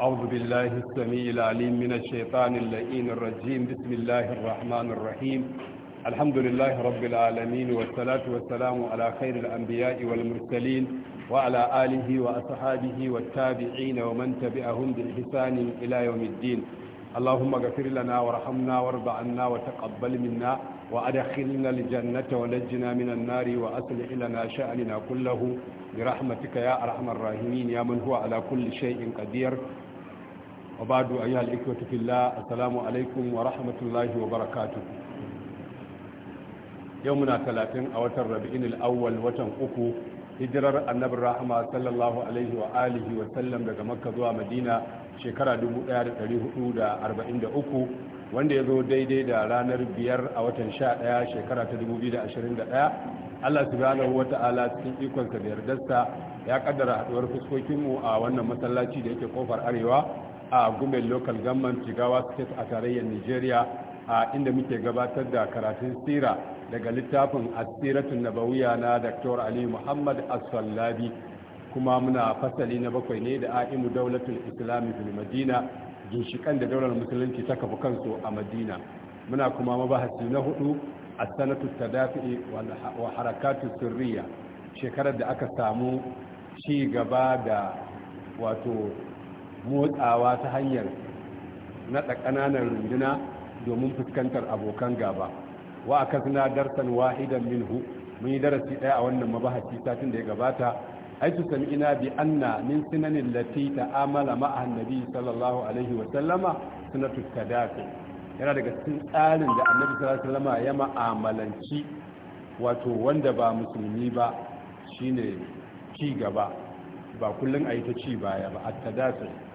أعوذ بالله السميع العليم من الشيطان اللئيم الرجيم بسم الله الرحمن الرحيم الحمد لله رب العالمين والصلاة والسلام على خير الأنبياء والمرسلين وعلى آله وأصحابه والتابعين ومن تبعهم بإحسان إلى يوم الدين اللهم اغفر لنا وارحمنا وارض عنا وتقبل منا وأدخلنا الجنة ونجنا من النار وأصلح لنا شأننا كله برحمتك يا أرحم الراحمين يا من هو على كل شيء قدير وبعد أيها الإخوة في الله السلام عليكم ورحمة الله وبركاته يومنا ثلاثين أو الربعين الأول وتن أكو hijirar annabin rahama sallallahu alaihi wa alihi wa sallam daga makka zuwa madina shekara 1443 wanda ya zo daidai da ranar biyar a watan 11 shekara ta 2021 allah subhanahu wa ta'ala cikin ikonsa da yardarsa ya kaddara haduwar fuskokinmu a wannan masallaci da yake kofar arewa a gumel local government jigawa state a tarayyar nigeria a inda muke gabatar da karatun sira daga littafin asiratun nabawiya na dr ali muhammad as kuma muna fasali na bakwai ne da aimu daulatul islami fil madina ginshikan da daular musulunci ta kafa kansu a madina muna kuma mabahasi na hudu a sanatu tadafi wa harakatu sirriya shekarar da aka samu ci gaba da wato motsawa ta hanyar naɗa ƙananan runduna domin fuskantar abokan gaba wa aka suna darsan wahidan minhu mun yi darasi ɗaya a wannan mabahasi satin da ya gabata ai su sami ina bi anna min sinanin lati ta'amala ma'a annabi sallallahu alaihi wa sallama sunatu kadafi yana daga cikin tsarin da annabi sallallahu alaihi wa sallama ya ma'amalanci wato wanda ba musulmi ba shine ci gaba ba kullum a yi ta ci baya ba a tadafi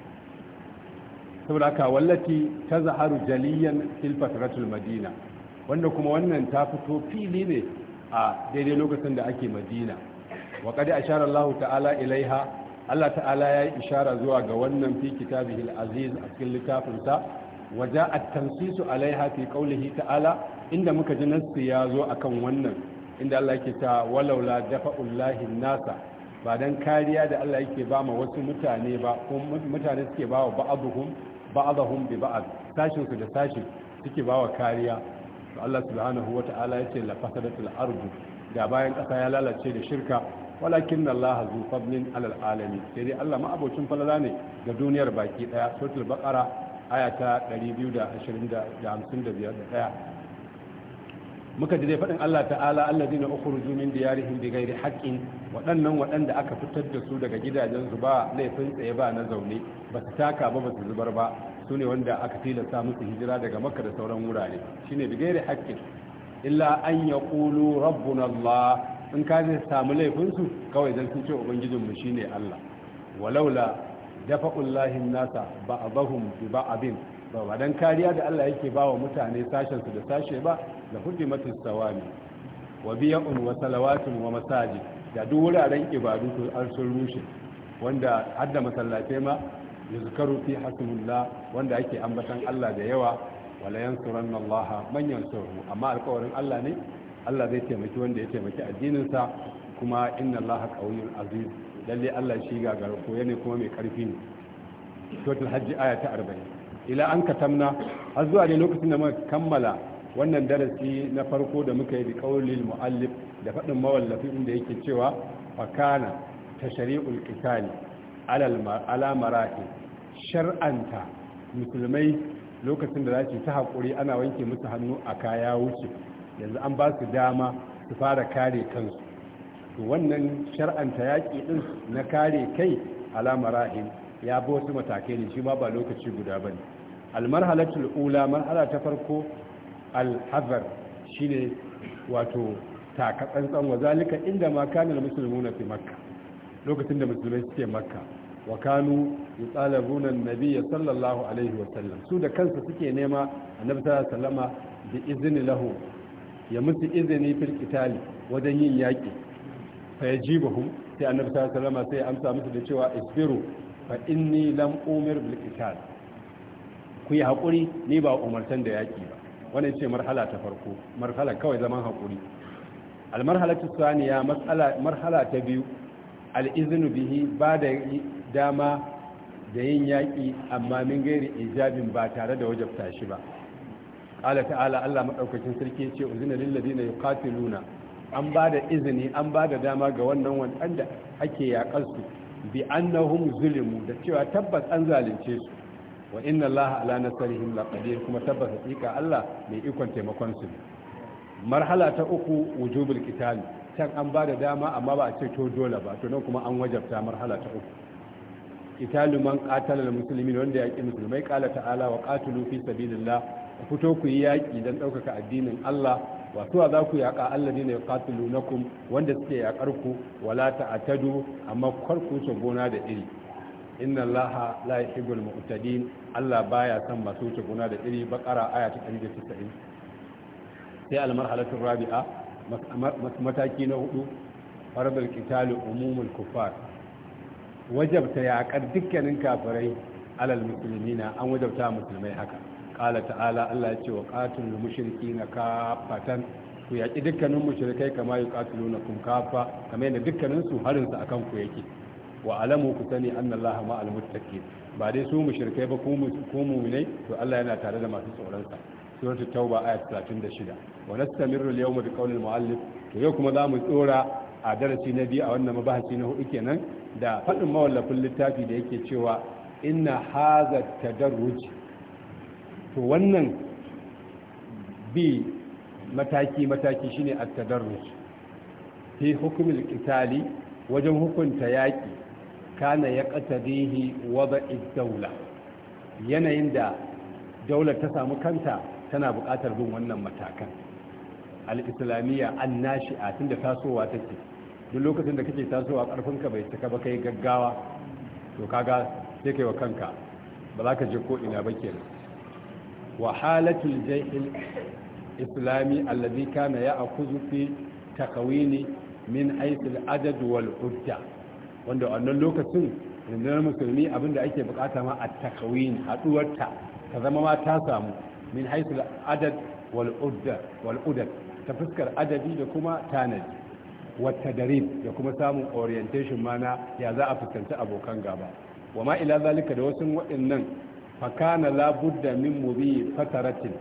saboda haka wallafi ta zaharu jaliyan filfatratul madina wanda kuma wannan ta fito fili ne a daidai lokacin da ake madina wa kadi ashara Allah ta'ala ilaiha Allah ta'ala ya yi ishara zuwa ga wannan fi kitabihil aziz a cikin littafinsa waja at-tansisu alaiha fi qawlihi ta'ala inda muka ji nassi ya zo akan wannan inda Allah yake ta walaula dafa'ullahi nasa ba dan kariya da Allah yake ba ma wasu mutane ba ko mutane suke ba wa buhun. ba'dahum bi ba'd sashin su da sashin suke bawa kariya to Allah subhanahu wata'ala yace la fasadatul ardu da bayan kasa ya lalace da shirka walakin Allah zu fadlin alal alamin sai dai Allah ma'abocin falala ne ga duniyar baki daya suratul baqara ayata ta 225 muka ji dai faɗin Allah ta'ala alladina ukhruju min diyarihim bighairi haqqin waɗannan waɗanda aka fitar da su daga gidajensu ba laifin tsaye ba na zaune ba su taka ba ba su zubar ba su ne wanda aka tilasta musu hijira daga makka da sauran wurare shine bighairi haqqin illa an yaqulu rabbuna Allah in ka zai samu laifinsu su kawai dan sun ce ubangijin mu shine Allah walaula dafa'ullahi nasa ba'dahum bi ba'din ba dan kariya da Allah yake bawa mutane sashen su da sashe ba da masu sawami wa biya'un wa salawatun wa masaji da duk wuraren ibadu to an sun rushe wanda hadda masallatai ma yuzkaru fi hasbullah wanda ake ambatan Allah da yawa wala yansuranna Allah manyan yansuruhu amma alƙawarin Allah ne Allah zai taimaki wanda ya taimaki addinin sa kuma inna Allah qawiyyun aziz lalle Allah shi gagara ko yana kuma mai karfi ne suratul hajj aya ta 40 ila an katamna har zuwa ne lokacin da muka kammala wannan darasi na farko da muka yi bi muallif da faɗin mawallafi inda yake cewa fakana ta shariul ala marati shar'anta musulmai lokacin da su ta hakuri ana wanke musu hannu a kaya wuce yanzu an ba su dama su fara kare kansu to wannan shar'anta yaƙi ɗinsu na kare kai ala ya bi wasu matakai ne shi ma ba lokaci guda ba ne. almarhalatul ula marhala ta farko Al-Habar al-hazar shine wato taka tsantsan wa zalika inda ma kana musulmuna fi makka lokacin da musulmai suke makka wa kanu yutalabuna nabiyya sallallahu alaihi wa sallam su da kansu suke nema annabi sallallahu alaihi wasallama bi izni lahu ya musu izini fil qitali wajen yin yaki fa yajibuhum sai annabi sallallahu alaihi wasallama sai amsa musu da cewa isbiru fa inni lam umir bil qital ku yi hakuri ni ba umartan da yaki ba wani ce marhala ta farko marhala kawai zaman haƙuri ta saniya marhala ta biyu al'izinu bihi ba da dama da yin yaki amma min gairi ijabin ba tare da wajabta shi ba ala ta'ala Allah maɗaukakin sarki ce uzina na yuqatiluna an ba da izini an ba da dama ga wannan wanda ake yaƙar su bi annahum zulimu da cewa tabbas an zalunce su wa inna allaha ala nasarihim laqadir kuma tabbas hakika Allah mai ikon taimakon su marhala ta uku wujubul qital can an ba da dama amma ba a ce to dole ba to nan kuma an wajabta marhala ta uku qitalu man qatala almuslimin wanda ya ki musulmai qala ta'ala wa qatilu fi sabilillah ku fito ku yi yaki dan daukaka addinin Allah wato za ku yaƙa allazi ne nakum wanda suke yaƙar ku wala ta'tadu amma kar ku gona da iri inna allaha la yuhibbul mu'tadin Allah baya son masu wuce guna da iri bakara aya ta 190 sai al rabi'a mataki na hudu farbal qitalu umumul kuffar wajabta yaƙar dukkanin kafirai alal na an wajabta musulmai haka qala ta'ala Allah ya ce wa qatilul mushrikina kafatan ku yaƙi dukkanin mushrikai kama yuqatilunakum kafa kamar yadda dukkanin su harin akan ku yake wa alamu ku sani anna Allah muttaqin ba dai su mushrikai ba ko mu'minai to Allah yana tare da masu tsoron sa suratul tauba ayat 36 wa nastamirru al yawma bi al muallif to yau kuma za mu tsora a darasi na biyu a wannan mabahasi na hudu kenan da faɗin mawallafin littafi da yake cewa inna haza tadarruj to wannan bi mataki mataki shine at-tadarruj fi hukm al-qitali wajen hukunta yaki kana ya qatadihi wada'i daula yanayin da daular ta samu kanta tana buƙatar bin wannan matakan al-islamiyya an-nashi'a tunda tasowa take duk lokacin da kake tasowa ƙarfinka bai cika ba kai gaggawa to kaga sai kai wa kanka ba za ka je ko ina ba kenan wa halatul jay'il islami alladhi kana ya'khudhu fi takawini min haythu al-adad wal udda wanda wannan lokacin rundunar musulmi abinda ake bukata ma a takawin haduwarta ta zama ma ta samu min haisul adad wal udad ta fuskar adadi da kuma tanadi wata darib da kuma samun orientation mana ya za a fuskanci abokan gaba wa ma ila zalika da wasu waɗannan fakana labudda min mubi fataratin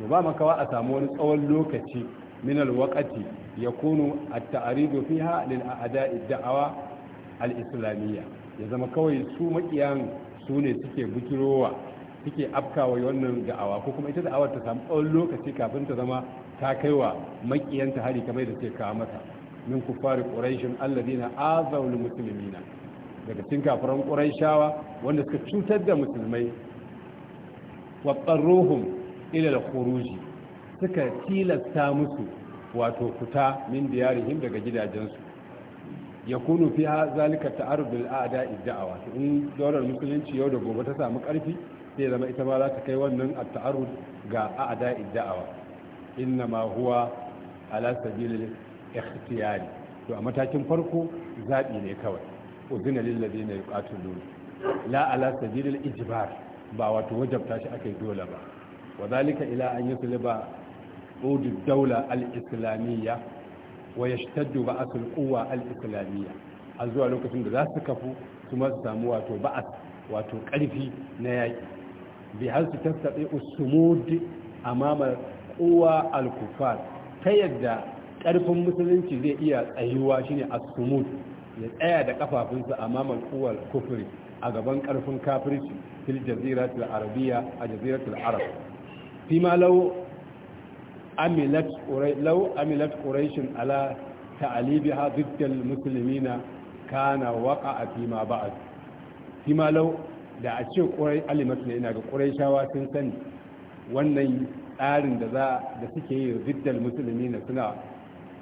to ba makawa a samu wani tsawon lokaci min ya yakunu a taridu fiha lil a'da'i da'awa al-islamiyya ya zama kawai su makiyan su ne suke bukirowa suke afkawa wannan da'awa ko kuma ita da'awar ta samu tsawon lokaci kafin ta zama ta kaiwa makiyanta hari kamar da suke kawo mata min kufari quraishin alladina azawul na daga cikin kafiran quraishawa wanda suka cutar da musulmai wa ruhun ilal kuruji suka tilasta musu wato fita min diyarihim daga gidajensu ya kunu fi ha zalika ta'arud bil a'da da'awa in daular musulunci yau da gobe ta samu karfi sai zama ita ma za ta kai wannan at-ta'arud ga a'da da'awa inna ma huwa ala sabil ikhtiyari to a matakin farko zabi ne kawai udina lil ladina yuqatilun la ala sabil ijbar ba wato wajabta shi akai dole ba wa zalika ila an yuslaba udud daula al-islamiyya wa yashtaddu ba'atul quwwa al-islamiyya a zuwa lokacin da za su kafu su su samu wato ba'as, wato karfi na yaƙi? bi har su tasabi usumud amama kuwa al kufar ta yadda karfin musulunci zai iya tsayuwa shine as ya tsaya da kafafunsa amama quwwal kufri a gaban karfin kafirci fil jaziratul arabiya a jaziratul arab fi ma law amilat law amilat quraish ala ta'alibiha ضد kana waka a fima بعد fima lau da a ce ƙurai alimat ne ina ga ƙurai shawa sun sani wannan tsarin da za da suke yi ziddal musulmi na suna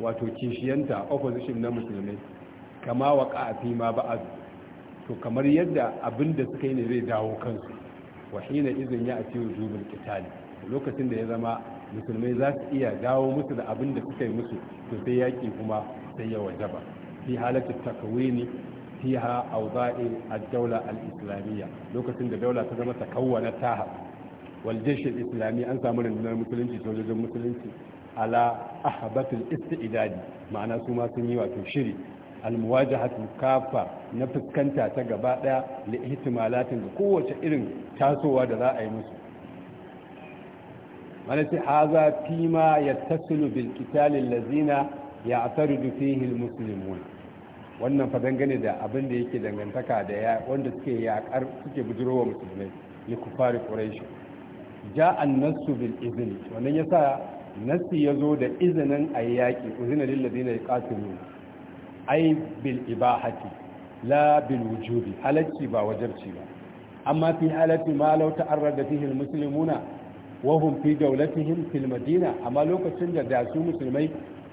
wato kishiyanta opposition na musulmai kama wa ƙa'afi ma ba to kamar yadda abin da suka yi ne zai dawo kansu wa hina izin ya a ce itali lokacin da ya zama musulmai za su iya dawo musu da abin da suka yi musu to sai yaƙi kuma sai ya wajaba fi halatu takwini fiha awda'i ad-dawla al-islamiyya lokacin da daula ta zama takawwana taha wal jaysh al-islami an samu rundunar musulunci sojojin musulunci ala ahbatul istidadi ma'ana su ma sun yi wato shiri almuwajahatu kafa na fuskanta ta gaba daya li ihtimalatin da kowace irin tasowa da za a yi musu wani ce haza fi ma ya tasiru bilkitalin kitalin lazina ya asaru da fihil musulmuna wannan fa dangane da abin da yake dangantaka da ya wanda suke yaƙar suke bujirowa musulmai ya kufari ƙuraishi ja an nasu bil izini wannan ya sa nasu ya zo da izinin a yaƙi uzina lillazina ya ƙasiru ai bil ibahati la bil wujubi halacci ba wajarci ba amma fi halatti ma lau ta'arrar da fihil musulmuna Wahun fi daulatihim fil madina amma lokacin da da su musulmai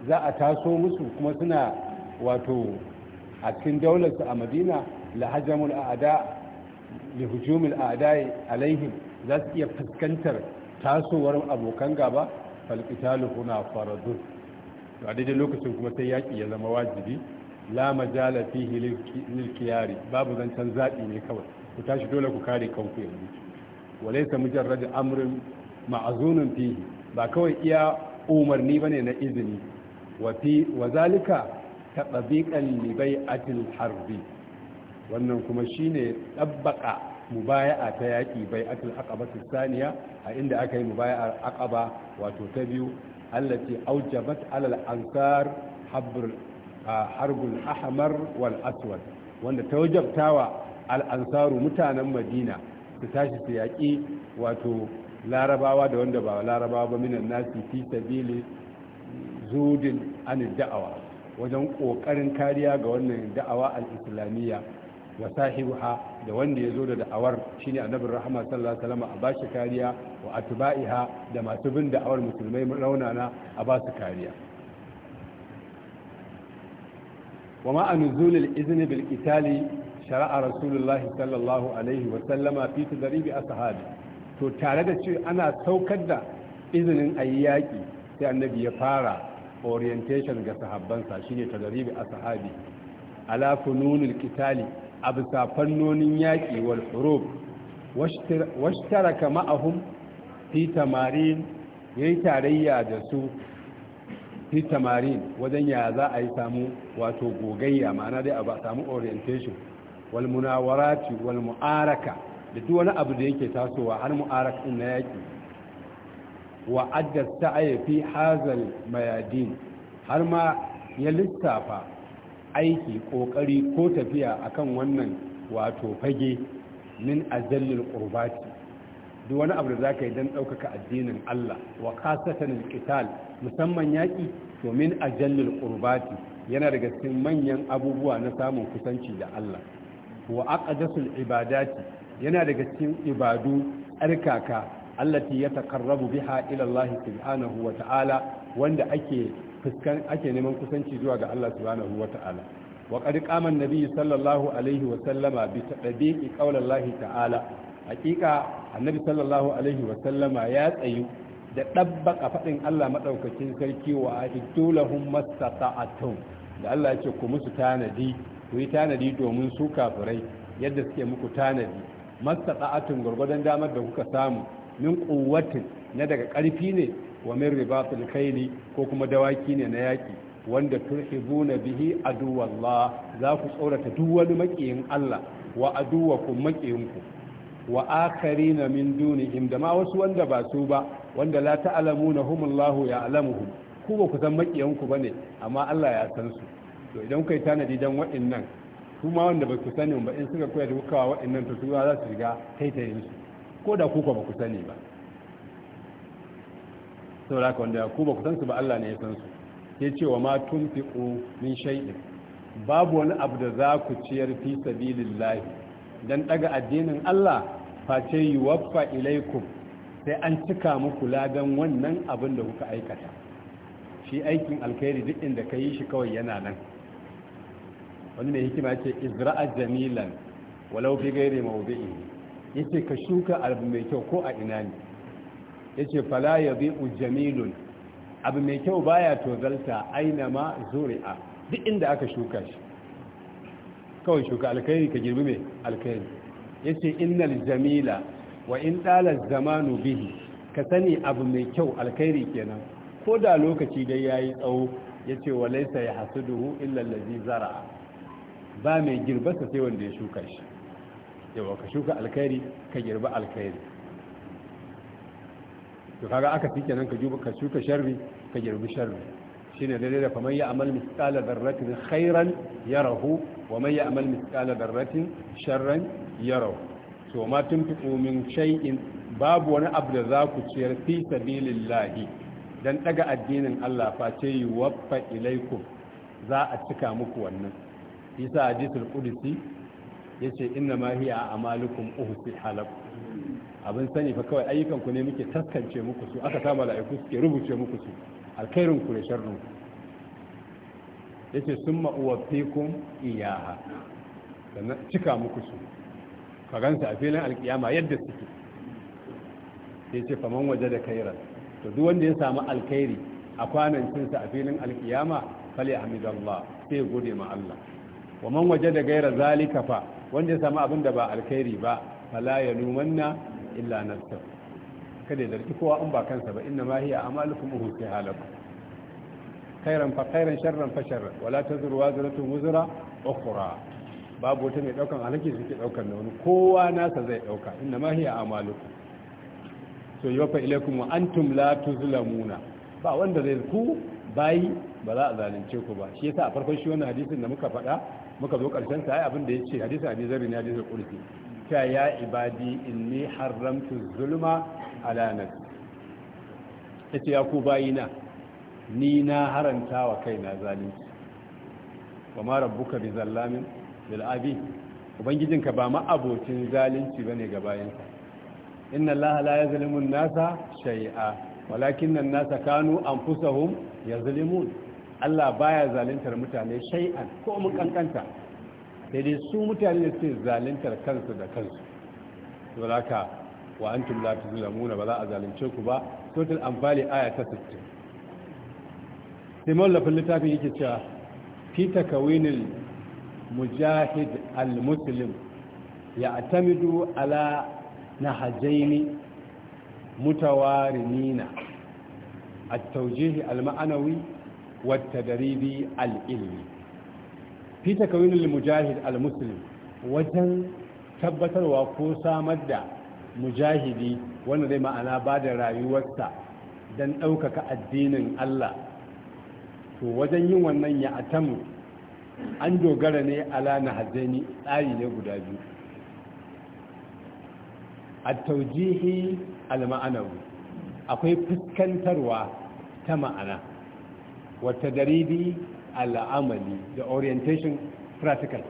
za a taso musu kuma suna wato a cikin daularsu a madina lahajamul a'ada li hujumil a'da'i alaihim za su iya fuskantar tasowar abokan gaba falqitalu huna faradun to a daidai lokacin kuma sai yaki ya zama wajibi la majala fihi lil kiyari babu zancen zabi ne kawai ku tashi dole ku kare kanku yanzu walaysa mujarrad amrin ma'azunun fihi ba kawai iya umarni bane na izini wa fi wa zalika tatbiqan li bai'atil harbi wannan kuma shine tabbaka mubaya'a ta yaki bai'atul aqaba tsaniya a inda aka yi mubaya'ar aqaba wato ta biyu allati aujabat alal ansar habrul harbul ahmar wal aswad wanda ta wajabtawa al ansaru mutanen madina su tashi su yaki wato larabawa da wanda ba larabawa ba minan nasi fi sabili zudin an da'awa wajen kokarin kariya ga wannan da'awa al-islamiyya wa sahibuha da wanda ya zo da da'awar shine annabi rahama sallallahu alaihi wasallam a bashi kariya wa atba'iha da masu bin da'awar musulmai raunana a ba su kariya wa ma anzul al-izn bil qitali shara'a rasulullahi sallallahu alaihi wasallama fi tadribi ashabi to tare da ce ana saukar da izinin a yi yaƙi sai annabi ya fara orientation ga sahabbansa shi shine tadaribi a sahabi ala fununul kitali a bisa fannonin yaƙi wal hurub washtaraka ma'ahum fi tamarin yi tarayya da su fi tamarin wajen ya za a yi samu wato gogayya ma'ana dai a ba samu orientation wal munawarati wal mu'araka da duk wani abu da yake tasowa har mu'arak din na yaki wa addas ta fi hazal mayadin har ma ya lissafa aiki kokari ko tafiya akan wannan wato fage min azallil qurbati duk wani abu da zaka yi dan daukaka addinin Allah wa qasatan alqital musamman yaki to min ajallil qurbati yana daga cikin manyan abubuwa na samun kusanci da Allah wa aqdasul ibadati yana daga cikin ibadu arkaka allati ya takarrabu biha ila Allah subhanahu wa ta'ala wanda ake fuskan ake neman kusanci zuwa ga Allah subhanahu wa ta'ala wa qad qama an-nabi sallallahu alaihi wa sallama bi tadbiqi qawli Allah ta'ala hakika annabi sallallahu alaihi wa sallama ya tsayu da dabbaka fadin Allah madaukakin sarki wa aidulahum mastata'atun da Allah ya ce ku musu tanadi ku yi tanadi domin su kafirai yadda suke muku tanadi mastata'atun gwargwadon damar da kuka samu min quwwatin na daga ƙarfi ne wa min ribatul khayli ko kuma dawaki ne na yaki wanda turhibuna bihi aduwallah za ku tsorata duk wani makiyin Allah wa aduwakum ku wa akharina min in da ma wasu wanda ba su ba wanda la ta'lamuna humullahu ya'lamuhum ku ba ku san ba ne amma Allah ya san su to idan kai tanadi dan waɗannan kuma wanda ba ku sani ba in suka koya da kukawa waɗannan to za su riga taitayin su ko da kuka ba ku sani ba saboda wanda ku ba ku san su ba Allah ne ya san su ya ce wa ma tunfiqu min shay'in babu wani abu da za ku ciyar fi sabilillahi don ɗaga addinin Allah face waffa ilaikum sai an cika muku ladan wannan abin da kuka aikata shi aikin alkhairi duk inda ka yi shi kawai yana nan wani mai hikima ce izra'a jamilan walau fi gaire mawdu'i yace ka shuka abu mai kyau ko a ina ne yace fala yabi'u jamilun abu mai kyau baya tozalta aina ma zuri'a duk inda aka shuka shi kawai shuka alkhairi ka girbi mai alkhairi yace innal jamila wa in dala zamanu bihi ka sani abu mai kyau alkhairi kenan ko da lokaci dai yayi tsawo yace walaysa yahsuduhu illa allazi zara'a ba mai girbarsa sai wanda ya shuka shi yawa ka shuka alkhairi ka girba alkhairi to kaga aka fi kenan ka juba ka shuka sharri ka girbi sharri shine dai da faman amal misqala darratin khairan yarahu wa man ya'mal misqala darratin sharran yarahu to ma tunfiqu min shay'in babu wani abu da za ku ciyar fi sabilillahi dan daga addinin Allah fa face yuwaffa ilaikum za a cika muku wannan yasa hadisul qudsi yace inna ma hiya amalukum uhsi halak abin sani fa kawai ayyukan ku ne muke taskance muku su aka sa mala'iku suke rubuce muku su alkhairun ku da sharrun yace summa uwaffikum iyaha sannan cika muku su ka ganta a filin alkiyama yadda suke yace ce faman waje da to duk wanda ya samu alkhairi a kwanan cinsa a filin alkiyama fali hamidallah sai gode ma Allah wa man waje da gaira zalika fa wanda ya samu abin da ba alkhairi ba fala ya numanna illa nafsa kada ya zargi kowa in ba kansa ba inna ma hiya amalukum uhusi halakum khairan fa khairan sharran fa sharran wala tazru wazratun wuzra ukhra babu wata mai daukan alhaki suke ke daukan da wani kowa nasa zai dauka inna ma hiya amalukum so yufa ilaikum wa antum la tuzlamuna ba wanda zai ku bayi ba za a zalunce ku ba shi yasa a farkon shi wannan hadisin da muka faɗa muka zo karshen ta abin da yace hadisin abi Zari ne hadisin qudsi ta ya ibadi inni haramtu zulma ala nafsi yace ya ku bayina ni na haranta wa kaina zalunci wa ma rabbuka bi zallamin lil abi ubangijinka ba ma abocin zalunci bane ga bayansa inna allaha la yazlimu an-nasa shay'a walakinna an-nasa kanu anfusahum yazlimun Allah baya zaluntar mutane shay'an ko mun kankanta sai dai su mutane ne suke zaluntar kansu da kansu to haka wa antum la tuzlamuna ba za a zalunce ku ba suratul anfal aya ta 60 sai mallafin littafin yake cewa fi takawinil mujahid al-muslim ya'tamidu ala a Taujihi التوجيه المعنوي والتدريب العلمي في تكوين mujahid al وجن Wajen tabbatarwa ko samar da mujahidi wanda zai ma'ana ba da rayuwarsa don ɗaukaka addinin Allah to wajen yin wannan ya atamu an dogara ne ala na hajjani tsari ne guda biyu a taujihi al-ma'anawi akwai fuskantarwa ta ma'ana wata daribi al'amali da orientation practical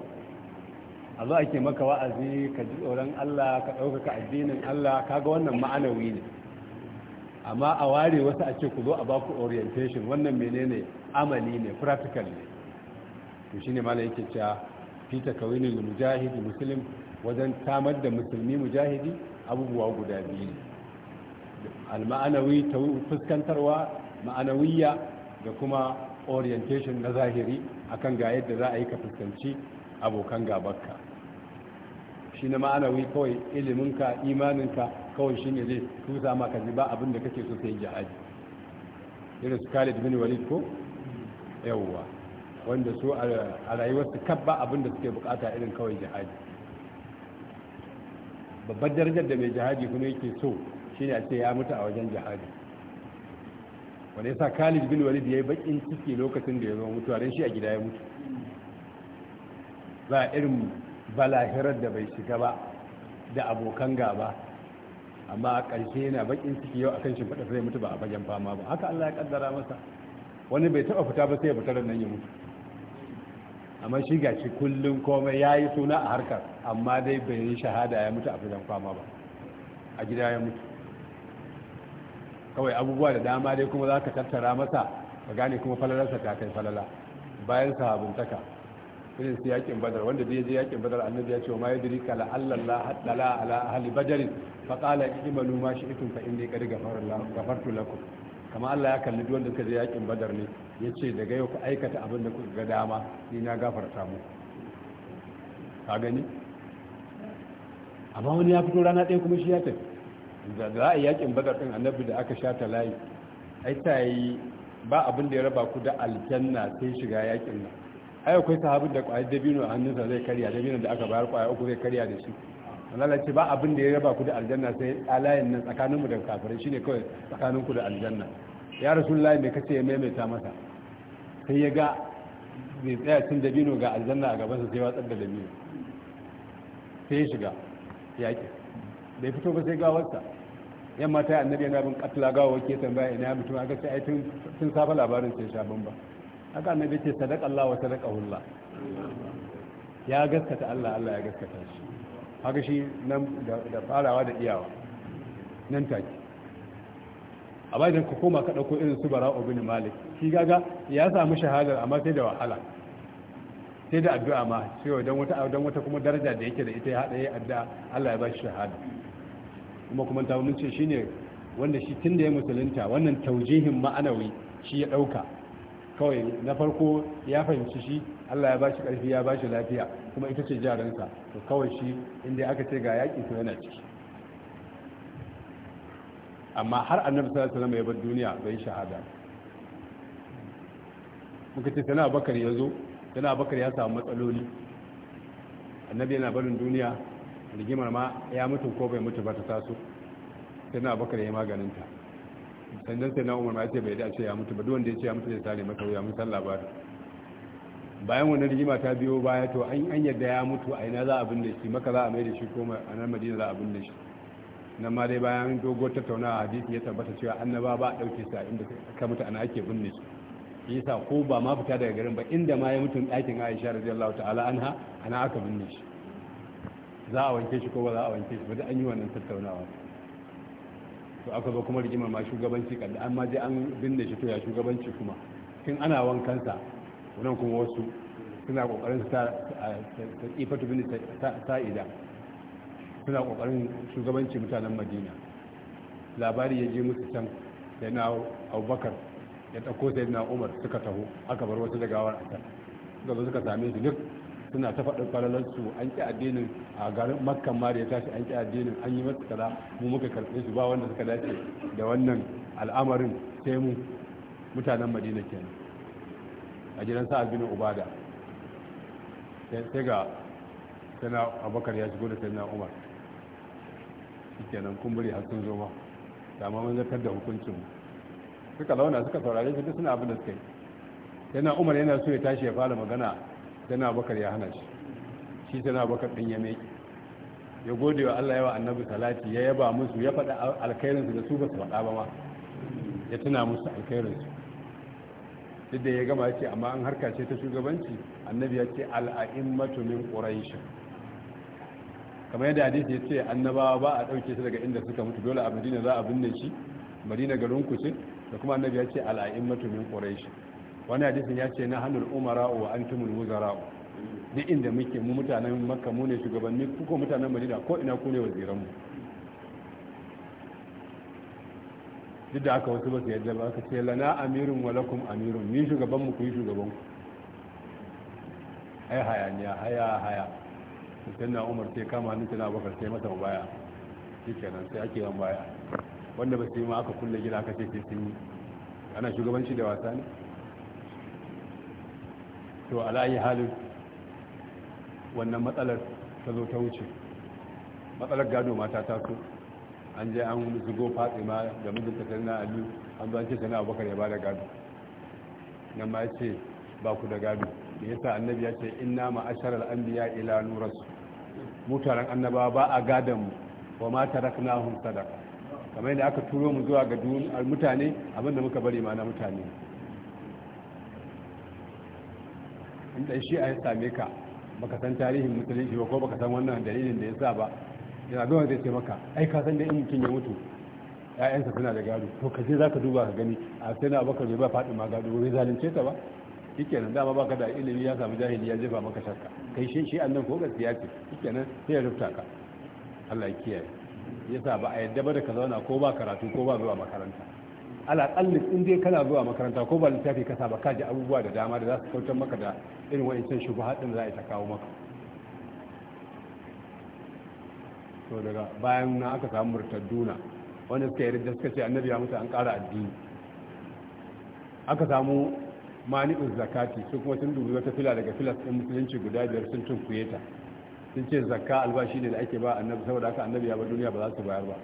a zo ake maka wa'azi ka ji tsoron Allah ka ɗaukaka addinin Allah kaga wannan ma'anawi ne amma a ware wasu a ce ku zo a baku orientation wannan menene amali ne practical ne to shine mala yake cewa fita da mujahidi muslim wajen samar da musulmi mujahidi abubuwa guda biyu ne al-ma'anawi ta fuskantarwa ma'anawiyya da kuma orientation na zahiri akan ga yadda za a yi ka fuskanci abokan gabarka shi na ma'anawi kawai iliminka imaninka kawai shi ne zai tusa maka ji ba abin da kake so sai jihadi irin su khalid bin walid ko yawwa wanda su a su kabba abin da suke bukata irin kawai jihadi babbar darajar da mai jihadi kuma yake so shine a ce ya mutu a wajen jihadi wanda sa Khalid bin Walid yi bakin ciki lokacin da ya zo mutuwa don shi a gida ya mutu ba irin balahirar da bai shiga ba da abokan gaba amma a ƙarshe yana bakin ciki yau akan shin fada sai mutu ba a bagen fama ba haka Allah ya kaddara masa wani bai taba fita ba sai ya fita nan ya mutu amma shi ga shi kullum komai yi suna a harkar amma dai bai yi shahada ya mutu a bagen fama ba a gida ya mutu kawai abubuwa da dama dai kuma za ka tattara masa ka gane kuma falalarsa ta kai falala bayan sahabuntaka irin su yakin badar wanda zai je yakin badar annabi ya ce wa ma yadrika la allah hadala ala ahli badar fa qala imanu ma shi'tum fa inni qad ghafartu lakum kama Allah ya kalli duk wanda suka je yakin badar ne ya ce daga yau ku aikata abin da kuka ga dama ni na gafarta mu ka gani amma wani ya fito rana ɗaya kuma shi ya tafi da za a yakin badar din annabi da aka sha ta layi ai ta yi ba abin da ya raba ku da aljanna sai shiga yakin nan ai akwai sahabin da kwaye dabino a hannunsa zai karya dabino da aka bayar kwaye uku zai karya da shi Allah ce ba abin da ya raba ku da aljanna sai alayin nan tsakanin mu da kafirai shine kawai tsakanin ku da aljanna ya rasulullahi me kace ya maimaita masa sai ya ga zai tsaya cin dabino ga aljanna a gaban sa sai watsar da dabino sai ya shiga yakin bai fito ba sai gawarsa yamma ta annabi yana bin katla gawar ke tambaya ina mutum aka ce ai tun safa labarin sai sha ban ba haka annabi ce sadaqa Allah wa sadaqa Allah ya gaskata Allah Allah ya gaskata shi haka shi nan da farawa da iyawa nan take a bayan ka koma ka dauko irin su bara'u bin malik shi gaga ya samu shahadar amma sai da wahala sai da addu'a ma sai dan wata dan wata kuma daraja da yake da ita ya hada yayi addu'a Allah ya ba shi shahada kuma kuma ta mun ce shine wanda shi tunda ya musulunta wannan taujihin ma'anawi shi ya ɗauka kawai na farko ya fahimci shi Allah ya bashi karfi ya bashi lafiya kuma ita ce jaransa to kawai shi inda aka ce ga yaki to yana ciki amma har annabi sallallahu alaihi wasallam ya bar duniya bai shahada muka ce sana bakar ya zo sana bakar ya samu matsaloli annabi yana barin duniya rigimar ma ya mutu ko bai mutu ba ta taso sai na bakar ya maganin ta sannan sai na umar ma ce bai da ce ya mutu ba duk wanda ya ce ya mutu zai sare masa ya mun san labarin bayan wannan rigima ta biyo baya to an yadda ya mutu a ina za a binne shi maka za a mai da shi ko a nan madina za a binne shi nan ma dai bayan dogo tattaunawa hadisi ya tabbata cewa annaba ba a dauke sa inda ka mutu ana ake binne shi yasa ko ba ma fita daga garin ba inda ma ya mutu ɗakin Aisha radiyallahu ta'ala anha ana aka binne shi za a wanke shi ko ba za a wanke shi ba an yi wannan tattaunawa to aka zo kuma rigimar ma shugabanci kadda amma dai an binne shi to ya shugabanci kuma tun ana wankan sa wannan kuma wasu suna kokarin su ta ifatu bin sa'ida suna kokarin shugabanci mutanen madina labari ya je musu can sai na abubakar ya ɗauko sai na umar suka taho aka bar wasu da gawar a can suka zo suka same shi duk suna ta faɗin falalarsu an ƙi addinin a garin makkan ma ya tashi an ƙi addinin an yi masa kaza mu muka karɓe su ba wanda suka dace da wannan al'amarin sai mu mutanen madina kenan a gidan sa'ad bin ubada sai ga sana abakar ya shigo da sana umar kenan kumburi har sun zo ma da ma mun zartar da hukuncin suka launa suka saurare shi duk suna abin da suka yi na umar yana so ya tashi ya fara magana da na bakar ya hana shi shi ta na bakar ɗin ya meki ya gode wa Allah yawa annabi salati ya yaba musu ya faɗa alkhairinsu da su ba su faɗa ba ma ya tuna musu alkhairinsu duk da ya gama ce amma an harka ce ta shugabanci annabi ya ce al'a'immatu min quraish kamar yadda hadisi ya ce annabawa ba a ɗauke su daga inda suka mutu dole a madina za a binne shi madina garin ku da kuma annabi ya ce al'a'immatu min quraish wani hadisin ya ce na hannun umara wa antumul wuzara duk inda muke mu mutanen makka mu ne shugabanni kuka mutanen madina ko ina ku ne waziran mu duk da aka wasu ba su yadda ba aka ce lana amirun walakum amirun ni shugaban mu ku yi shugaban ku ai hayaniya haya haya sai na umar sai kama ni sai na bakar sai mata baya shikenan sai ake yan baya wanda ba su yi ma aka kulle gida aka ce sai sun yi ana shugabanci da wasa ne to ala'ayi halin wannan matsalar ta zo ta wuce matsalar gado mata ta so an je an zugo fatima da mijinta ta na aliyu an zo an ce sana abokan ya ba da gado nan ma ce ba ku da gado da yasa annabi ya ce ina ma an biya ila nurasu mutaren annabawa ba a gadon mu wa ma taraknahum sadaqa kamar yadda aka turo mu zuwa ga mutane abinda muka bari ma na mutane inda shi a ya same ka baka san tarihin musulunci ba ko baka san wannan dalilin da ya sa ba yana zuwa zai ce maka ai ka san da in mutum ya mutu yayansa suna da gado to ka je za ka duba ka gani a sai na baka bai ba faɗi ma gado bai zalunce ta ba nan dama baka da ilimi ya samu jahili ya jefa maka shakka kai shi shi annan ko gaskiya ce nan sai ya rubuta ka Allah ya kiyaye yasa ba a yadda ba da ka zauna ko ba karatu ko ba zuwa makaranta alaƙalli in dai kana zuwa makaranta ko ba littafi ka ba ka ji abubuwa da dama da za su kautar maka da irin wa'ancan shubu haɗin da za a ta kawo maka to daga bayan na aka samu murtadduna wanda suka yarda suka ce annabi ya mutu an ƙara addini aka samu mani'un zakati su kuma sun dubi wata fila daga filas ɗin musulunci guda biyar sun tunkuye ta sun ce zakka albashi ne da ake ba annabi saboda haka annabi ya ba duniya ba za su bayar ba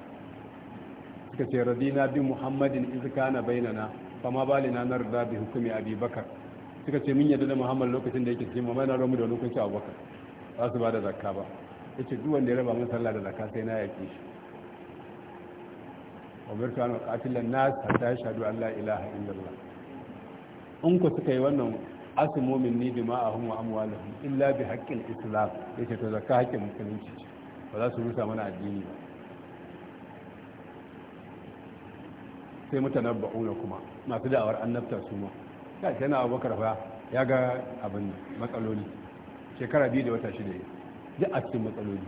suka ce radina bi muhammadin iz kana bainana fama na narda bi hukumi abi bakar suka ce mun yadda da muhammad lokacin da yake cikin mamai na romu da lokacin abu bakar ba su ba da zakka ba ya ce duk wanda ya raba min sallah da zakka sai na yaƙi shi umirtu an qatilan nas hatta yashhadu an la ilaha illallah in ku suka yi wannan asimomin ni min ni dima'ahum wa amwaluhum illa bi haƙƙin islam ce to zakka haƙƙin musulunci ba za su rusa mana addini ba sai mutanabba'una kuma masu da'awar annabta su ma ya ce na abubakar fa ya ga abin matsaloli shekara biyu da wata shida ya a cikin matsaloli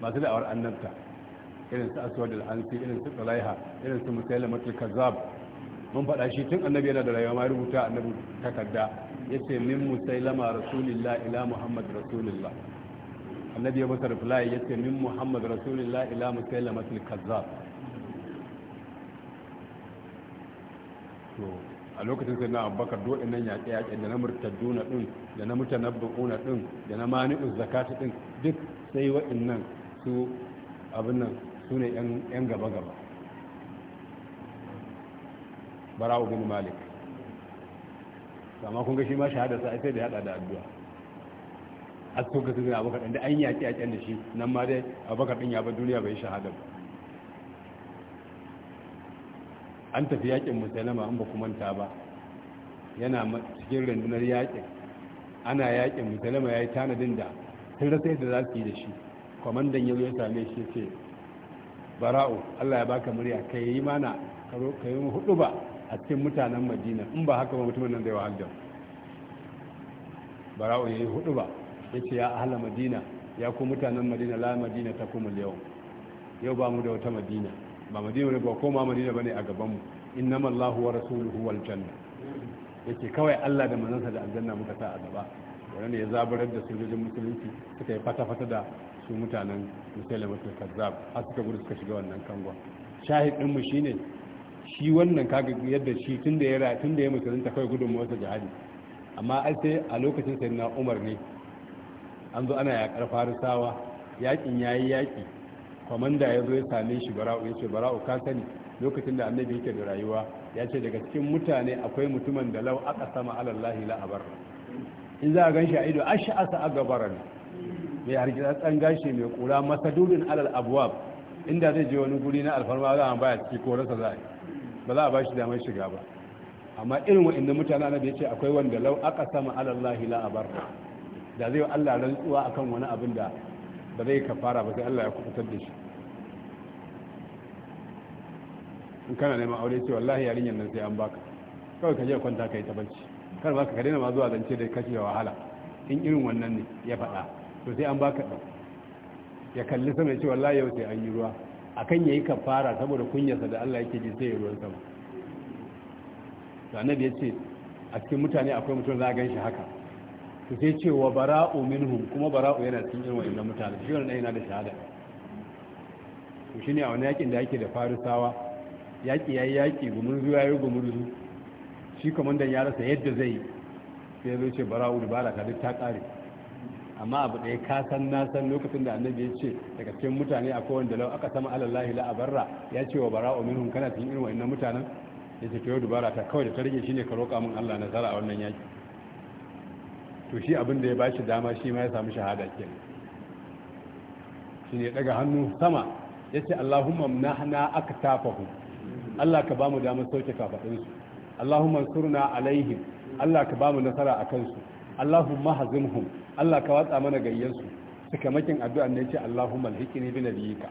masu da'awar annabta irin su aswad al-ansi irin su tsalaiha irin su musailama kazzab mun faɗa shi tun annabi yana da rayuwa ma rubuta annabi takarda ya ce min musailama rasulillah ila muhammad rasulillah annabi ya masa reply ya ce min muhammad rasulillah ila musailama kazzab to a lokacin sai na abubakar dole nan yaƙe yaƙe da na murtadduna ɗin da na mutanabbu'una ɗin da na mani'u zakata ɗin duk sai waɗannan su abin nan su ne yan gaba gaba barawo bin malik amma kun shi ma shahada sai sai da hada da addu'a a lokacin sai abubakar ɗin da an yaƙe yaƙen da shi nan ma dai abubakar ɗin ya bar duniya bai shahada ba an tafi yakin musalama an ba manta ba yana cikin rundunar yakin ana yakin musalama ya yi tanadin da sun rasa yadda za su yi da shi kwamandan yau ya same shi ce bara'u allah ya baka murya ka yi mana ka yi hudu ba a cikin mutanen madina in ba haka ba mutumin nan zai wahal da bara'u ya yi hudu ba ya ce ya ahala madina ya ku mutanen madina la madina ta kuma yau yau ba mu da wata madina ba madina ne ba ko ma madina bane a gaban mu innama Allahu wa rasuluhu wal janna yake kawai Allah da manzansa da aljanna muka sa a gaba wannan ne ya zabarar da sojojin musulunci suka yi fata-fata da su mutanen musulmi su kazzab har suka gudu suka shiga wannan kango shahid din mu shine shi wannan kaga yadda shi tunda ya tunda ya musulunta kawai gudun mu wata jihadi amma ai sai a lokacin sayyidina Umar ne an zo ana yakar farisawa yakin yayi yaki kwamanda ya zo ya same shi bara'u ya ce bara'u ka sani lokacin da annabi yake da rayuwa ya ce daga cikin mutane akwai mutumin da lau aka sama alallahi la'abar in za a gan shi a ido ashi asa a gabaran mai hargitsatsen gashi mai kura masadudin alal abuwa inda zai je wani guri na alfarma za a baya ciki ko rasa za a ba za a ba shi damar shiga ba amma irin wa'inda mutane na ya ce akwai wanda lau aka sama alallahi la'abar da zai wa Allah rantsuwa akan wani abin da da zai kafara ba sai Allah ya kubutar da shi in kana neman aure ce wallahi yarinyar nan sai an baka kawai ka je kwanta ka ta tabanci kar ba ka daina ma zuwa zance da kake wahala in irin wannan ne ya faɗa to sai an baka da ya kalli sama ya ce wallahi yau sai an yi ruwa akan ka kafara saboda kunyarsa da Allah yake ji sai ya ruwan sama to annabi ya ce a cikin mutane akwai mutum za a gan shi haka to sai ce wa bara'u minhum kuma bara'u yana cikin irin wa'annan mutane shi wannan yana da shahada to shine a wani yakin da yake da farisawa yaki yayi yaki gumurzu yayi gumurzu shi komandan ya rasa yadda zai yi sai ya zo ce bara'u da ka duk ta kare amma abu da ya san na san lokacin da annabi ya ce daga cikin mutane a kowane da lau aka sama alallahi la abarra ya ce wa bara'u minhum kana cikin irin wa'annan mutanen ya ce to yau dubara ta kawai da ta rage shine ka roƙa min Allah nasara a wannan yaki to shi abin da ya bashi dama shi ma ya samu shahada ke shi ne daga hannu sama ya ce allahumma hana aka hu allah ka ba mu damar sauke kafaɗinsu allahumma surna alaihim allah ka ba mu nasara a kansu allahumma hazimhum allah ka watsa mana gayyansu sakamakin addu'an ne ce allahumma alhiqni bi nabiyika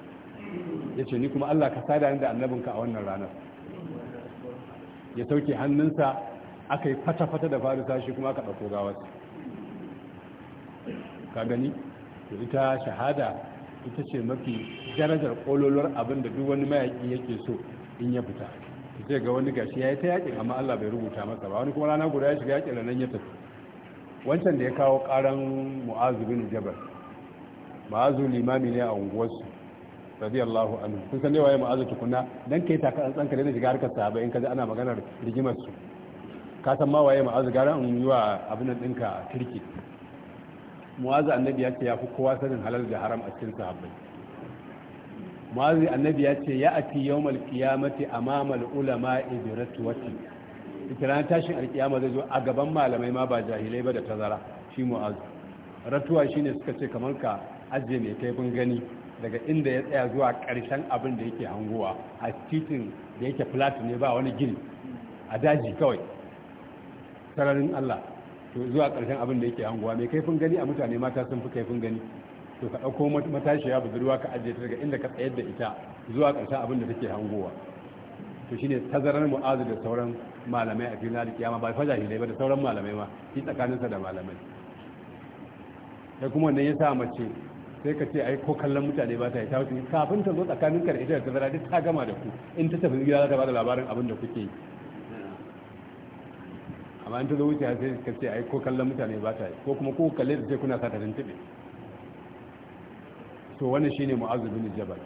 yace ni kuma allah ka sada annabinka a wannan ranar ya sauke hannunsa aka yi fata-fata da farisa shi kuma aka ɗauko gawarsa ka gani to ita shahada ita ce mafi darajar kololuwar abin da duk wani mayaki yake so in ya fita zai ga wani gashi ya yi ta yakin amma Allah bai rubuta masa ba wani kuma rana guda ya shiga yakin nan ya tafi wancan da ya kawo karan mu'azu bin jabal mu'azu limami ne a unguwarsu radiyallahu anhu kun san waye mu'azu tukunna dan kai ta an tsanka da shiga harkar sahaba in ka ji ana maganar rigimar su ka san ma waye mu'azu garan yi wa abin nan dinka kirki muwazi annabi ya ce ya fi kowa sanin halal da haram a cikin sahabbai muwazi annabi ya ce ya ati yawmal qiyamati amama ulama ibratwati wati ran tashin alkiyama zai zo a gaban malamai ma ba jahilai ba da tazara shi muwazi ratuwa shine suka ce kamar ka ajiye mai kaifin gani daga inda ya tsaya zuwa karshen abin da yake hanguwa a titin da yake flat ne ba wani gini a daji kawai sararin Allah to zuwa ƙarshen abin da yake hanguwa mai kaifin gani a mutane mata sun fi kaifin gani to ka ɗauko matashiya budurwa ka ajiye ta daga inda ka tsayar da ita zuwa ƙarshen abin da take hangowa to shine tazarar mu'azu da sauran malamai a filin kiyama ba fa jahilai ba da sauran malamai ma shi tsakaninsa da malamai Sai kuma wannan ya sa mace sai ka ce ai ko kallon mutane ba ta yi tafi kafin ta zo tsakaninka da ita da tazara duk ta gama da ku in ta tafi gida za ta ba da labarin abin da kuke yi amma an ta zo wuce sai ka ce ai ko kallon mutane ba ta yi ko kuma ko kalle da sai kuna sa ta tuntube to wannan shine mu'azzu bin jabal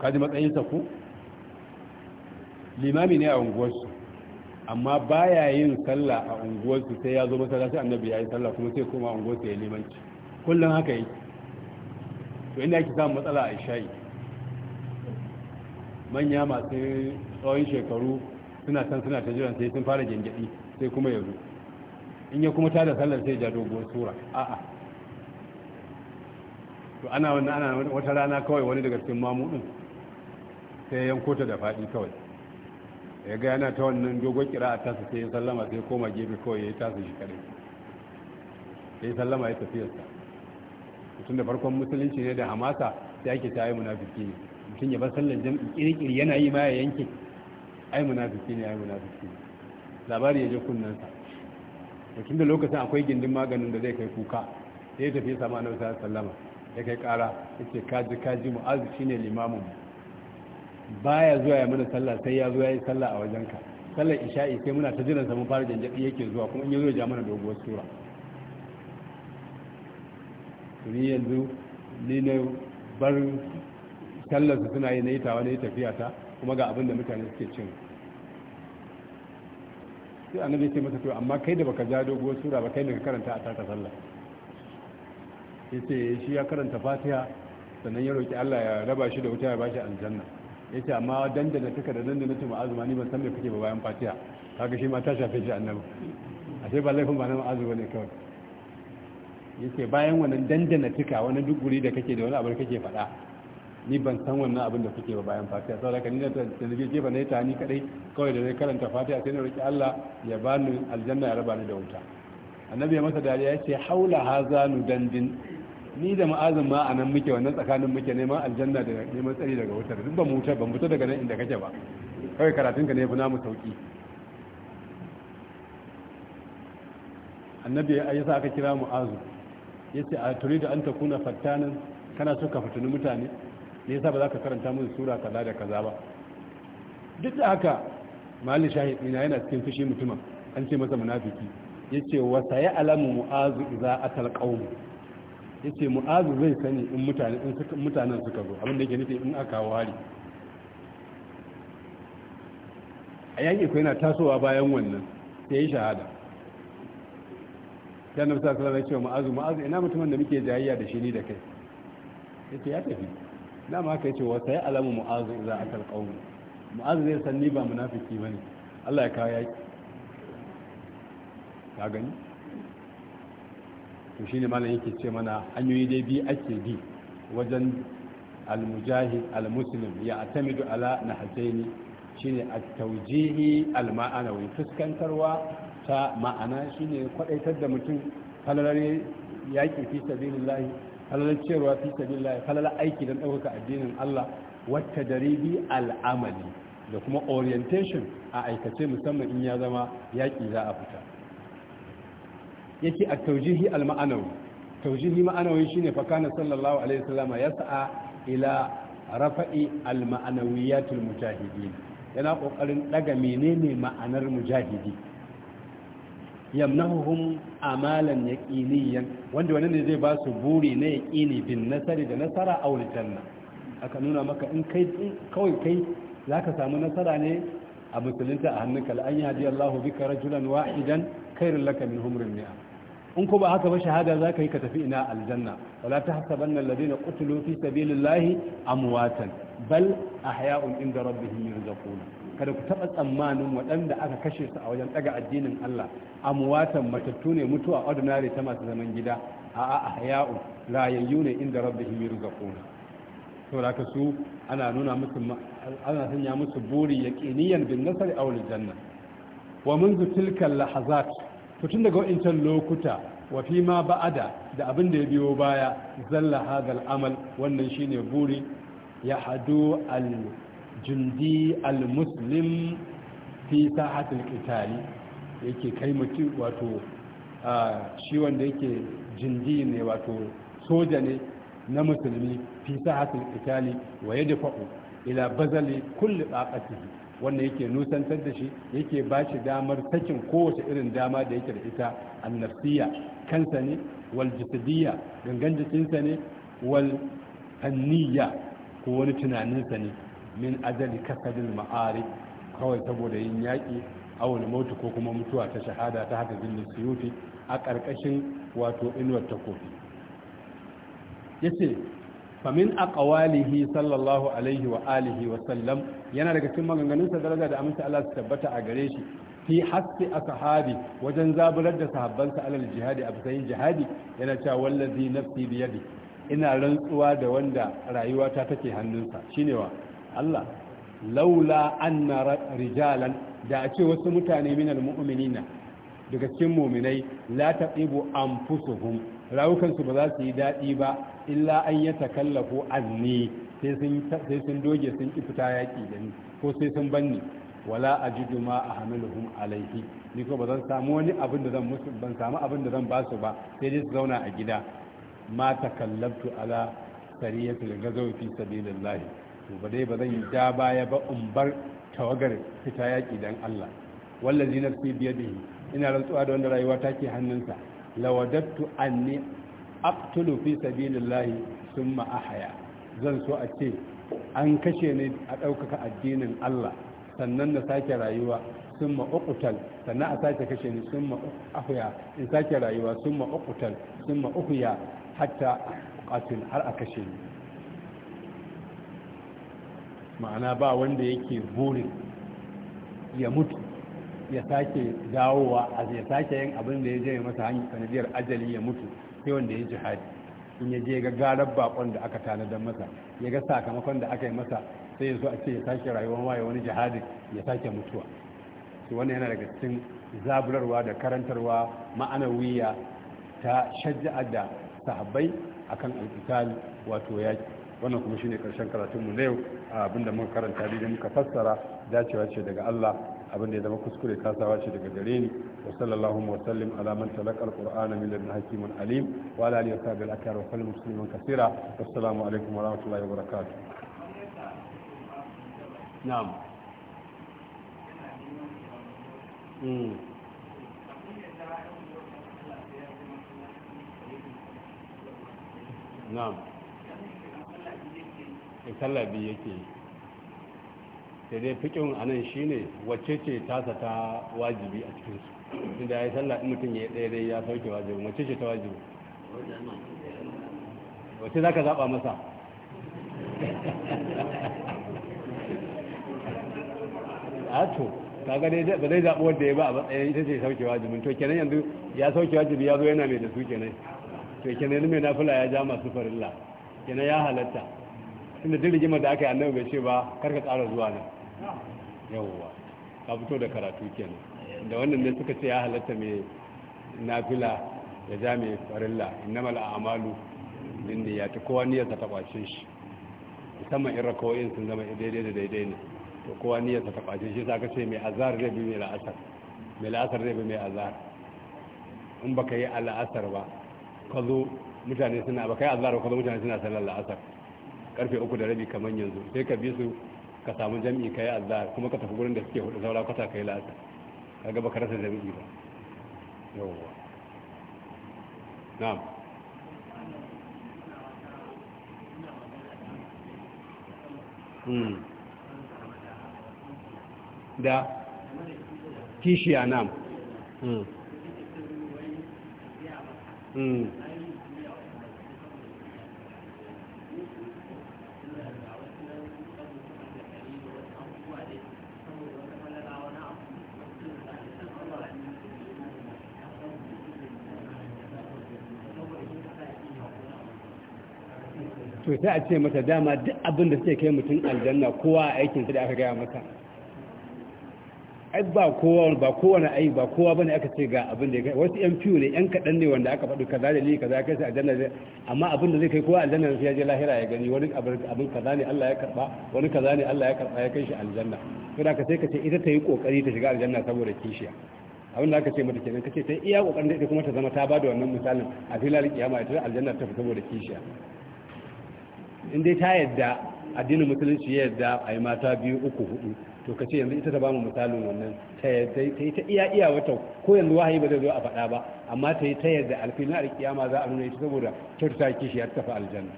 kaji matsayin sa ku limami ne a unguwarsu amma baya yin sallah a unguwarsu sai ya zo masallaci annabi ya yi sallah kuma sai kuma unguwarsu ya limanci kullum haka yake to inda yake samu matsala a shayi manya masu tsawon shekaru suna san suna ta jiran sai sun fara gyangyaɗi sai kuma ya zo in ya kuma tada sallar sai ja doguwar sura a'a to ana wannan ana wata rana kawai wani daga cikin mamu din sai yanko ta da faɗi kawai ya ga yana ta wannan dogon kira a tasa sai ya sallama sai koma gefe kawai ya yi tasa shi kadai sai sallama ya tafiyarsa tun da farkon musulunci ne da hamasa sai ake ta yi munafiki ne mutum ya bar sallar jam'i kirkiri yana yi ma ya yanke ai munafiki ne ai munafiki ne labari ya je kunnansa to tunda lokacin akwai gindin maganin da zai kai kuka sai ya tafi sama na sallallahu alaihi ya kai kara yace kaji kaji mu'az shine limamin baya zuwa ya mana sallah sai ya zo ya yi sallah a wajenka sallar isha'i sai muna ta jiran mun fara janjabi yake zuwa kuma in ya zo ya mana doguwar sura ni yanzu ni na bar sallar su suna yi na yi tawa na yi tafiya ta kuma ga abin da mutane suke cin sai annabi ya ce masa to amma kai da baka ja doguwar sura ba kai ne ka karanta a taka sallah ya ce eh, shi ya karanta fatiha sannan ya roki Allah ya raba shi da wuta ya bashi aljanna ya ce amma dandana tuka da dandana ce ma'azuma ni ban san me kuke ba bayan fatiha kaga shi ma ta shafe shi annabi sai ba laifin ba na ma'azuma ne kawai ya ce bayan wannan dandana tuka wani duk guri da kake da wani abu kake faɗa ni ban san wannan abin da kuke ba bayan fatiha da haka ni na tanaje jefa na ta tani kadai kawai da zai karanta fatiha sai na roƙi Allah ya bani aljanna ya raba ni da wuta annabi ya masa dariya ya ce haula nu dandin ni da ma'azin ma a nan muke wannan tsakanin muke neman aljanna da neman tsari daga wutar duk ba mu wuta ban fita daga nan inda kake ba kawai karatun ka ne ya fi namu sauki annabi ya sa aka kira mu'azu ya ce a turi da an ta kuna fattanin kana so ka fitini mutane ne yasa ba za ka karanta musu sura kaza da kaza ba duk da haka mali shahidi na yana cikin fushi mutumin an ce masa munafiki yace wa sayalamu mu'azu idza atal qaum yace mu'azu zai sani in mutane in suka mutanen suka zo abin da yake nufi in aka wari a ko yana tasowa bayan wannan sai ya shahada sai annabi sallallahu alaihi wasallam ya ce mu'azu mu'azu ina mutumin da muke jayayya da shi ni da kai yace ya tafi dama aka ce wata ya alamu mu'azu idza akal qawm mu'azu zai san ni ba munafiki ne Allah ya kawo yaki ka gani to shine malam yake ce mana hanyoyi dai bi ake bi wajen al-mujahid al-muslim ya atamidu ala nahjaini shine at-tawjihi al-ma'anawi fuskantarwa ta ma'ana shine kwadaitar da mutum falalare yaki fi sabilillahi halalar cewa fi sabilillah halalar aiki don ɗaukaka addinin Allah wata daribi al'amali da kuma orientation a aikace musamman in ya zama yaƙi za a fita yake a taujihi al-ma'anawi taujihi ma'anawi shi ne kana sallallahu alaihi ya sa'a ila rafa'i al-ma'anawiyatul mujahidi, yana ƙoƙarin ɗaga menene ma'anar mujahidi yamnahuhum amalan yaqiniyan wanda wannan ne zai ba su buri na yaqini bin nasari da nasara aw janna aka nuna maka in kai kawai kai zaka samu nasara ne a musulunta a hannunka la an yahdi Allahu bika rajulan wahidan khairul laka min humrin mi'a in ko ba haka ba shahada zaka yi ka tafi ina aljanna wala tahsabanna alladhina qutilu fi sabilillahi amwatan bal ahya'un inda rabbihim yurzaquna kada ku taɓa tsammanin waɗanda aka kashe su a wajen ɗaga addinin Allah amuwatan matattu ne mutuwa ordinary ta masu zaman gida a a haya'u rayayyu ne inda rabbihim yurzaquna saboda su ana nuna musu ana sanya musu buri yaqiniyan bin nasari aw lil janna wa منذ تلك اللحظات tun daga wa'incan lokuta wa fi ma ba'ada da abin da ya biyo baya zalla hadal amal wannan shine buri ya hadu al jundi al-muslim fi sahatul qitali yake kai mutum wato shi wanda yake jindi ne wato soja ne na musulmi fi sahatul qitali wa yadfa'u ila bazali kulli taqatihi wanda yake nusantar da shi yake ba shi damar sakin kowace irin dama da yake da ita annafsiya kansa ne wal jisadiyya gangan jikinsa ne wal hanniya ko wani tunaninsa ne min ajali kasadin ma'ari kawai saboda yin yaƙi awul mautu ko kuma mutuwa ta shahada ta haka zillin suyuti a ƙarƙashin wato inuwar ta kofi ya ce famin a ƙawalihi sallallahu alaihi wa alihi wa sallam yana daga cikin maganganunsa daraja da aminta Allah su tabbata a gare shi fi hasti a sahabi wajen zaburar da sahabbansa alal jihadi a bisayin jihadi yana cewa wallazi nafsi biyadi ina rantsuwa da wanda rayuwata take hannunsa shine wa Allah laula anna rijalan da a ce wasu mutane min almuminina, daga cikin mu'minai la taqibu anfusuhum rayukansu ba za su yi daɗi ba illa an ya takallafu anni sai sun sai sun doge sun ki fita yaki da ni ko sai sun banni wala ajidu ma ahmiluhum alaihi ni ko ba zan samu wani abin da zan musu ban samu abin da zan ba su ba sai dai su zauna a gida ma takallabtu ala sariyatul gazawfi fi sabilillah to ba dai ba zan yi ja baya ba in bar tawagar fita yaƙi dan Allah wallazi nafsi biyadihi ina rantsuwa da wanda rayuwa take hannunsa lawadattu anni aqtulu fi sabilillahi thumma ahya zan so a ce an kashe ne a ɗaukaka addinin Allah sannan na sake rayuwa sun ma'ukutal sannan a sake kashe ni sun ma'ukuya in sake rayuwa sun ma'ukutal sun ma'ukuya hatta ƙasin har a kashe ni ma'ana ba wanda yake burin ya mutu ya sake dawowa a ya sake yin abin da ya je masa hanyar sanadiyar ajali ya mutu sai wanda ya jihadi in ya je ga garar bakon da aka tanadar masa ya ga sakamakon da aka yi masa sai ya zo a ce ya sake rayuwar waye wani jihadi ya sake mutuwa su wannan yana daga cikin zaburarwa da karantarwa ma'anawiya ta shajja'a da sahabbai akan alkitali wato yaki wannan kuma shine karshen karatun mu na yau abinda muka karanta da muka fassara dacewa ce daga Allah abinda ya zama kuskure kasawa ce daga gare ni wa sallallahu wa sallim ala man talaqa alqur'ana min ladun hakimin alim wa ala alihi wa sahbihi al-akyar wa kullu muslimin kaseera assalamu alaikum wa rahmatullahi wa barakatuh na'am نعم hmm. sallah biyu yake sai dai fikin a nan shi ne wacce ce tasa ta wajibi a cikinsu inda ya yi sallah in mutum ya ɗaya dai ya sauke wajibi wacce ce ta wajibi wacce za ka zaɓa masa a to kaga dai ba zai zaɓi wanda ya ba a matsayin ita ce sauke wajibi, to kenan yanzu ya sauke wajibi ya zo yana mai da su kenan to kenan mai nafila ya ja masu farilla kenan ya halatta tunda duk rigimar da aka yi annabi bai ce ba kar ka tsara zuwa nan yawwa ka fito da karatu kenan da wannan ne suka ce ya halatta mai nafila ya ja mai farilla innamal a'malu din da ya ta kowa niyyar ta tabacin shi musamman in rakawoyin sun zama daidai da daidai ne to kowa niyyar ta tabacin shi ka ce mai azar zai bi mai la'asar mai la'asar zai bi mai azar in baka yi al'asar ba ka zo mutane suna baka yi azar ba ka zo mutane suna sallar la'asar karfe uku da rabi kamar yanzu sai ka bi su ka samu jam'i ka yi azhar kuma ka tafi gurin da suke hudu saura kwata ka yi la'asar kaga baka rasa jam'i ba yawwa na'am hmm. da kishiya na'am hmm. Hmm. to sai a ce mata dama duk abin da suke kai mutum aljanna kowa a aikin da aka gaya mata ba kowa ba kowane ayi ba kowa bane aka ce ga abin da ya kai wasu yan fiyo ne yan kaɗan ne wanda aka faɗi kaza da ni kaza kai sai aljanna amma abin da zai kai kowa aljanna sai ya je lahira ya gani wani abin kaza ne Allah ya karba wani kaza ne Allah ya karba ya kai shi aljanna to da ka sai ka ce ita ta yi kokari ta shiga aljanna saboda kishiya abin da aka ce mata kenan kace ta iya kokarin da ita kuma ta zama ta bada wannan misalin a filal kiyama ita aljanna ta fita saboda kishiya in dai ta yadda addinin musulunci ya yadda a yi mata biyu uku hudu to ka ce yanzu ita ta bamu misalin wannan ta yi ta iya iya wata ko yanzu wahayi ba zai zo a faɗa ba amma ta yi ta yadda alfilin alkiyama za a nuna ita saboda kyautata kishi ya tafi aljanna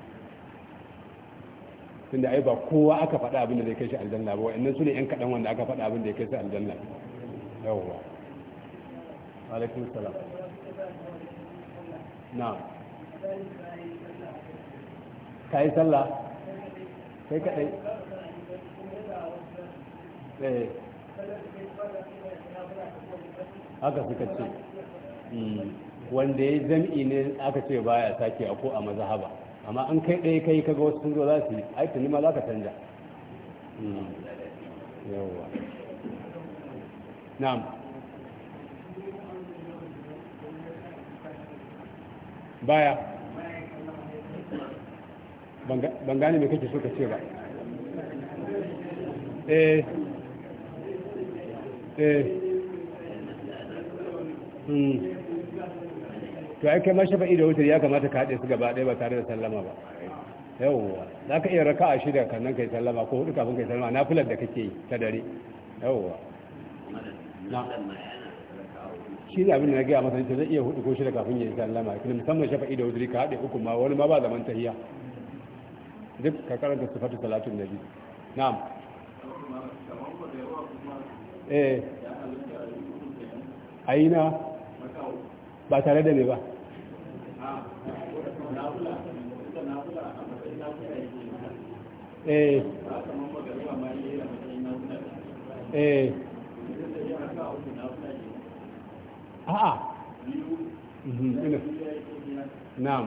tunda ai ba kowa aka faɗa abin da zai kai shi aljanna ba wa'annan su ne yan kaɗan wanda aka faɗa abin da ya kai shi aljanna yawwa alaikum salam na'am ka yi sallah kai kaɗai eh. haka suka ce hmm. wanda ya zam'i ne aka ce baya sake a ko a mazahaba amma an kai ɗaya kai kaga wasu sun zo za su yi ai tuni ma za ka canja hmm. yawwa na'am baya ban gane mai kake so ka ce ba eh eh hmm to ai kai ma shafa da wutar ya kamata ka haɗe su gaba ɗaya ba tare da sallama ba yawwa za ka iya raka a shida nan kai sallama ko hudu kafin kai sallama na fular da kake yi ta dare yawwa shi ne abin da na gaya masa zai iya hudu ko shida kafin ya yi sallama kuma musamman shafa da wutar ka haɗe uku ma wani ma ba zaman tahiya duk ka karanta sifatu salatun nabi na'am eh aina ba tare da me ba eh eh a'a mhm. na'am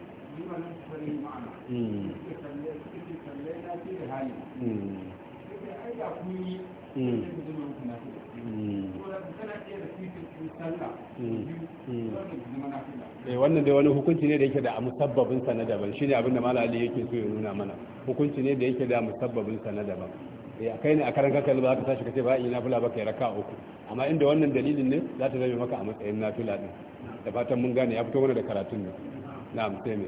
Eh, wannan dai wani hukunci ne da yake da musabbabin sa daban shine abinda da Ali yake so ya nuna mana hukunci ne da yake da musabbabin sana daban eh kai ne a karan kanka ba ka tashi ce ba ina fula ba kai raka uku amma inda wannan dalilin ne za ta zame maka a matsayin nafila din da fatan mun gane ya fito wani da karatun ne na'am sai mai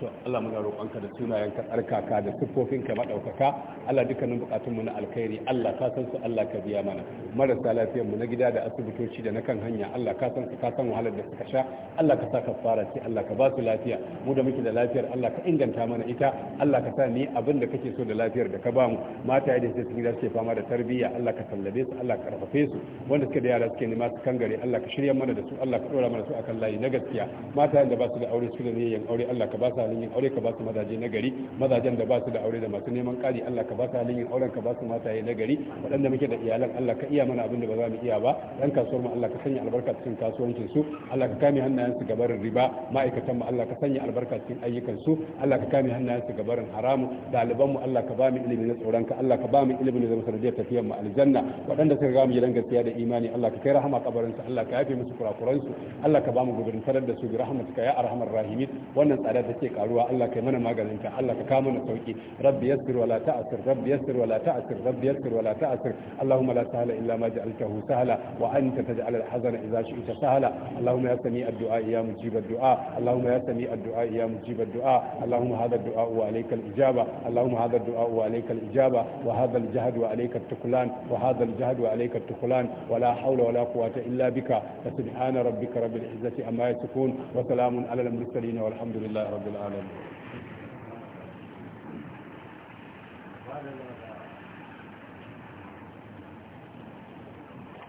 to Allah muna roƙonka da sunayenka tsarkaka da siffofinka maɗaukaka Allah dukkanin buƙatunmu na alkhairi Allah ka san su Allah ka biya mana marasa lafiyar mu na gida da asibitoci da na kan hanya Allah ka san su ka san wahalar da suka sha Allah ka sa ka fara ce Allah ka ba su lafiya mu da muke da lafiyar Allah ka inganta mana ita Allah ka sa ni abin da kake so da lafiyar da ka ba mu mata da suke gida suke fama da tarbiyya Allah ka tallabe su Allah ka karfafe su wanda suke da yara suke nema su gari Allah ka shirya mana da su Allah ka ɗora mana su akan layi na gaskiya mata da ba su da aure suke da niyyar aure Allah ka ba su halin yin aure ka ba su mazaje na gari mazajen da ba su da aure da masu neman ƙari Allah ka ba su halin yin auren ka ba su mataye na gari waɗanda muke da iyalan Allah ka iya mana abin da ba za mu iya ba ɗan kasuwar mu Allah ka sanya albarka cikin kasuwancin su Allah ka kame hannayen su gabarin riba ma'aikatan mu Allah ka sanya albarka cikin ayyukan su Allah ka kame hannayen su gabarin haramu ɗaliban mu Allah ka ba mu ilimi na tsoron ka Allah ka ba mu ilimi na zama sanadiyar tafiyar mu aljanna waɗanda suka ga mu gidan gaskiya da imani Allah ka kai rahama kabarin su Allah ka yafe musu kurakuran su Allah ka ba mu gudun da su bi rahmatika ya arhamar rahimin wannan tsada take karuwa Allah kai mana maganin ta Allah ka kawo mana sauki rabbi yassir wala ta'sir rabbi yassir wala ta'sir rabbi yassir wala ta'sir Allahumma la sahla illa ma ja'altahu sahla wa anta taj'al al-hazana idha shi'ta sahla Allahumma ya sami ad-du'a ya mujib ad-du'a Allahumma ya sami ad-du'a ya mujib ad-du'a Allahumma hadha ad-du'a wa alayka al-ijaba Allahumma hadha ad-du'a wa alayka al-ijaba wa hadha al-jahd wa alayka at-tuklan wa hadha al-jahd wa alayka at-tuklan wa la hawla wa la quwwata illa bika subhana rabbika rabbil izzati amma yasifun wa salamun ala al-mursalin والحمد لله رب العالمين alamu